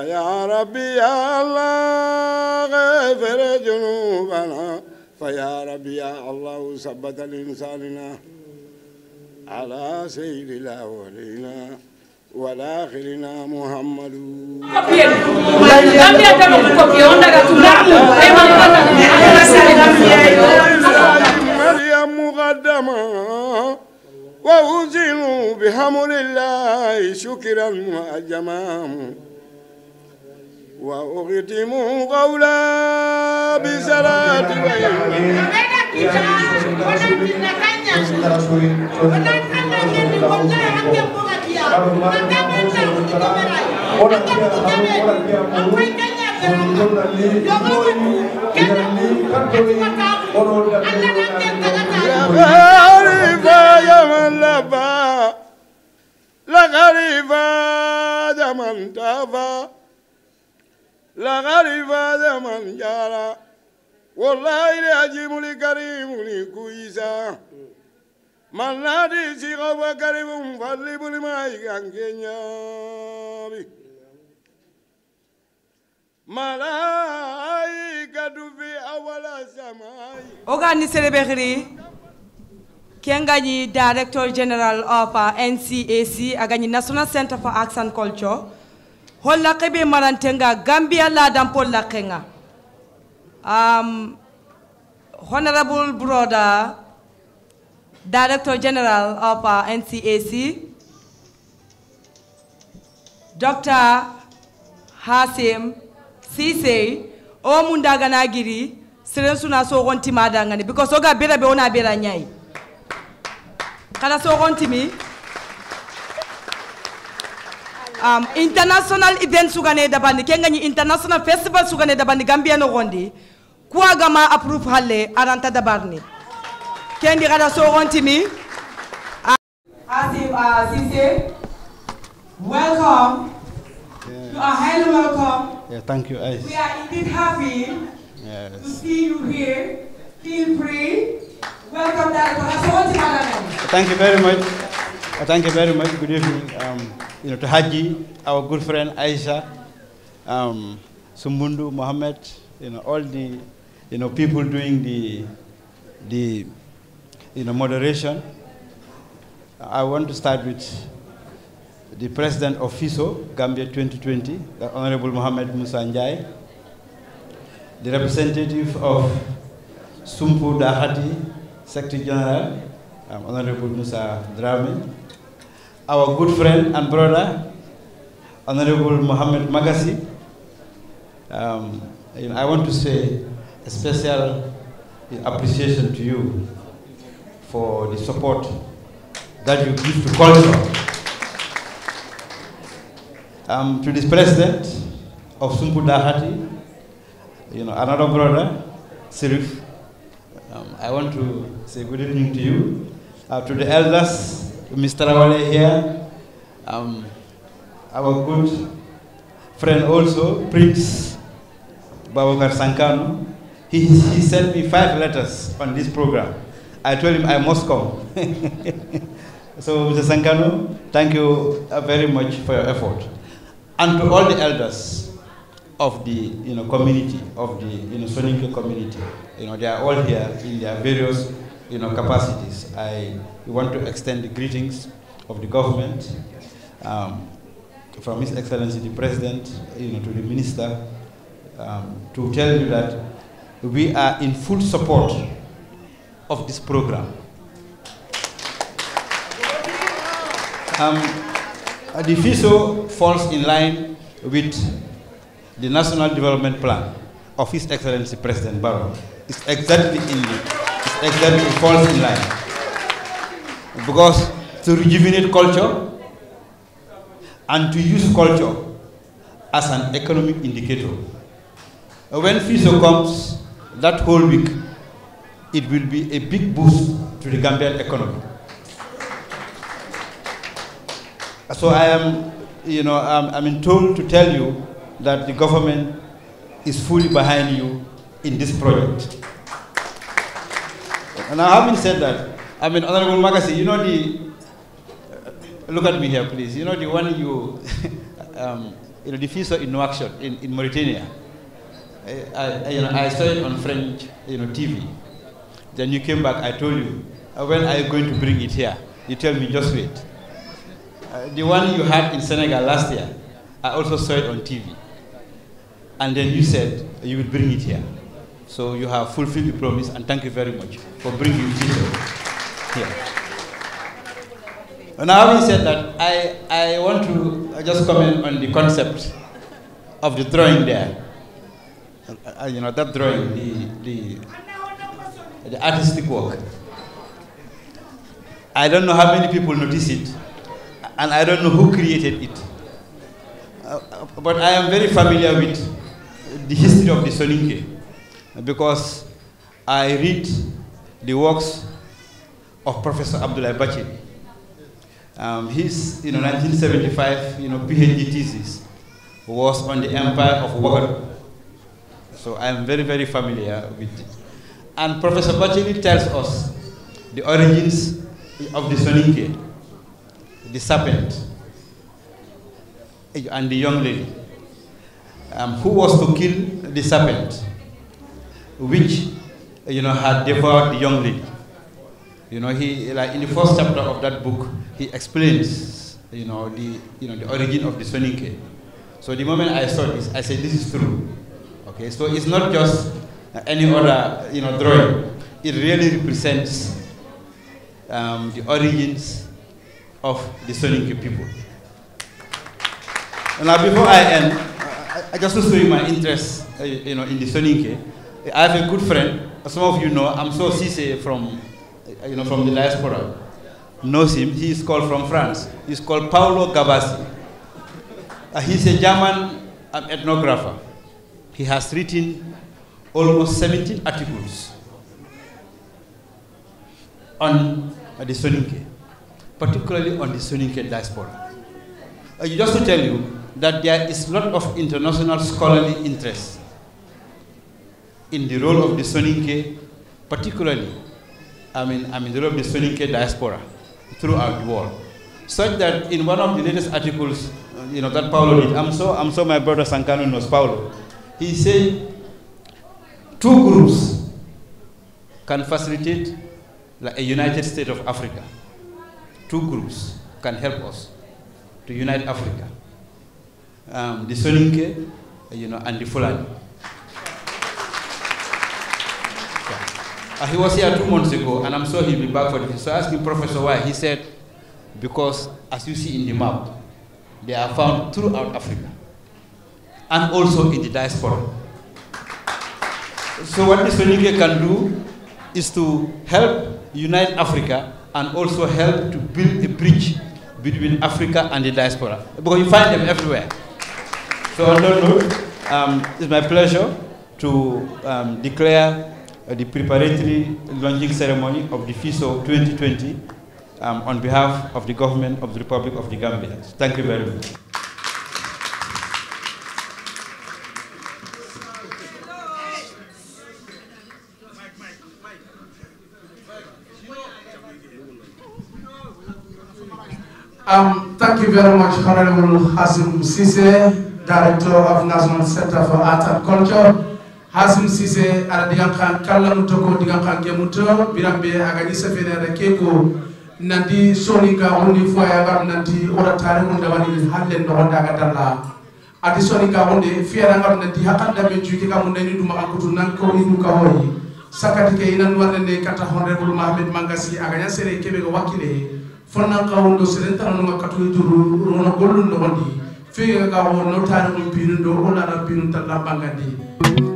فيا ربي يا الله غفر جنوبنا فيا ربي يا الله ثبت لإنساننا على سيد الأولين والآخرين محمد مريم مقدمة وأوزنوا بحمل الله شكرا وأجمام وأختم قولا بصلاة لغريبا يا من لبى لغريبا يا من تابى لغالي فاز من جارا والله لأجيب لكريم لكويسا من نادي سيغو وكريم فالب لما يكن كنيابي ملائكة في أول السماء أغاني سيربخري Kiangani, Director General of uh, NCAC, Agani National Center for Arts and Culture, holla kebe marantenga Gambia ladan polla kenga. Um, Honorable Brother, Director General of uh, NCAC, Dr. Hasim Sise, o mundaganagiri, siren suna sogon timadangani, because oga bera be ona bera nyai. Kada sogon me. um, international event sugane dabandi kenga ni international festival sugane dabandi gambia no gondi kuwa gama approve halle aranta dabarni kendi kada so mi ah, Asim asise ah, welcome. You are highly welcome. Yeah, thank you. Guys. We are indeed happy yes. to see you here. Feel free. Welcome, Director. Thank you very much. Thank you very much. Good evening. Um, you know, to Haji, our good friend Aisha, um, Sumbundu, Mohammed, you know, all the, you know, people doing the, the, you know, moderation. I want to start with the president of FISO, Gambia 2020, the Honorable Mohammed Musa Njai, the representative of Sumpu Dahati, Secretary General, um, Honorable Musa Drame, our good friend and brother, Honorable Mohammed Magasi. Um, I want to say a special appreciation to you for the support that you give to culture. Um, to this president of Sumpu Dahati, you know, another brother, Sirif, um, I want to say good evening to you. Uh, to the elders Mr. Awale here, um, our good friend also, Prince Babakar Sankano. He, he sent me five letters on this program. I told him I must come. so, Mr. Sankano, thank you uh, very much for your effort. And to all the elders of the you know, community, of the you know, Soninke community, you know, they are all here in their various you know, capacities. I want to extend the greetings of the government, um, from His Excellency the President, you know, to the Minister, um, to tell you that we are in full support of this program. Um, the FISO falls in line with the National Development Plan of His Excellency President Barrow. It's exactly in the except it falls in line. Because to rejuvenate culture and to use culture as an economic indicator. When FISO comes that whole week, it will be a big boost to the Gambian economy. So I am, you know, I'm, I'm told to tell you that the government is fully behind you in this project. And having said that, I mean, Honorable Magasi, you know the, uh, look at me here, please. You know the one you, um, you know, the in action in, in Mauritania. I, I, you know, I saw it on French, you know, TV. Then you came back, I told you, uh, when are you going to bring it here? You tell me, just wait. Uh, the one you had in Senegal last year, I also saw it on TV. And then you said, you will bring it here. So you have fulfilled your promise, and thank you very much for bringing Jesus here. And having said that, I, I want to just comment on the concept of the drawing there. Uh, you know, that drawing, the, the, the artistic work. I don't know how many people notice it, and I don't know who created it. Uh, uh but I am very familiar with the history of the Soninke because I read the works of Professor Abdullah Bachi. Um, his you know, 1975 you know, PhD thesis was on the empire of Wagadugu. So I am very, very familiar with it. And Professor Bacheli tells us the origins of the Soninke, the serpent, and the young lady um, who was to kill the serpent which you know had devoured the young lady. You know, he like in the first chapter of that book, he explains you know the you know the origin of the soninke. So the moment I saw this, I said this is true. Okay, so it's not just any other you know drawing. It really represents um, the origins of the soninke people. Now, before I end, I, I just to show you my interest, uh, you know, in the Soninke. I have a good friend, some of you know, I'm so Cisse from, you know, from the diaspora. Knows him, he is called from France. He's called Paolo Gabassi. Uh, he's a German um, ethnographer. He has written almost 17 articles on uh, the Soninke, particularly on the Soninke diaspora. Uh, just to tell you that there is a lot of international scholarly interest in the role of the Soninke, particularly, I mean, I mean the role of the Soninke diaspora throughout the world. Such that in one of the latest articles, uh, you know, that Paulo did, I'm so, I'm so my brother Sankano knows Paulo, he said two groups can facilitate like a united state of Africa. Two groups can help us to unite Africa. Um, the Soninke, you know, and the Fulani. Uh, he was here two months ago, and I'm sure he'll be back for this. So I asked him, Professor, why? He said, because as you see in the map, they are found throughout Africa and also in the diaspora. So what Isonike can do is to help unite Africa and also help to build a bridge between Africa and the diaspora. Because you find them everywhere. So on that note, um, it's my pleasure to um, declare uh, the preparatory launching ceremony of the FISO 2020 um, on behalf of the government of the Republic of the Gambia. Thank you very much. Um, thank you very much, Honorable Hasim Sise, Director of National Center for Art and Culture. hasum sise ara digan kan kallamuto ko digan kan gemuto birambe agani safene ada keko nanti soninka ondi ya gam nanti ora tare mun dawani halle ndonda ga dalla ati soninka onde fiera gam nanti hakanda be juki kam ni duma akutu nan ko inu ka hoyi sakati ke inan warne kata honre bulu mahmed mangasi aganya sere kebe go wakile fonnan ka wondo sere tan no katu duru rono gollu no wondi fiya ga wonno tare mun pinun do ona na pinun tan bangandi